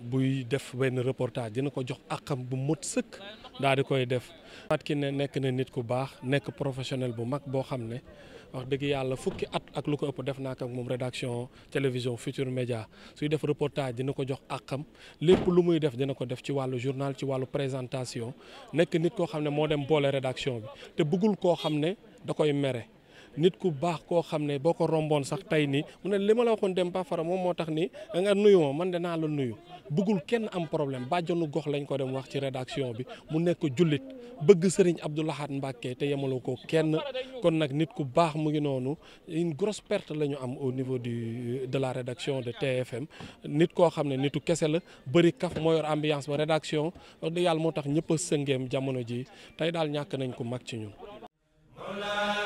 buy def benn reportage dina ko jox àqam bu mët sëkk daal di koy def. ki Kiné nekk na nit ku baax nekk professionnel bu mag boo xam ne wax dëgg yàlla fukki at ak lu ko ëpp def naa ko moom rédaction télévision Futurs Médias suy def reportage dina ko jox àqam lépp lu muy def dina ko def ci wàllu journal ci wàllu présentation nekk nit koo xam ne moo dem boole rédaction bi te buggul koo xam ne da koy mere. nit ku baax koo xam ne boo ko romboon sax tey nii mu ne li ma la waxoon dem ba fara moom moo tax ni nga nuyu ma man de naa la nuyu bëggul kenn am problème bàjjonu gox lañ ko dem wax ci rédaction bi mu nekk jullit bëgg Serigne Abdou Lahad Mbacké te yemaloo ko kenn kon nag nit ku baax mu ngi noonu une grosse perte la ñu am au niveau du de la rédaction de TFM nit koo xam ne nitu kese la bëri kaf moo yor ambiance ba rédaction yàlla moo tax ñëpp a sëngeem jamono ji tey daal ñàkk nañ ko mag ci ñun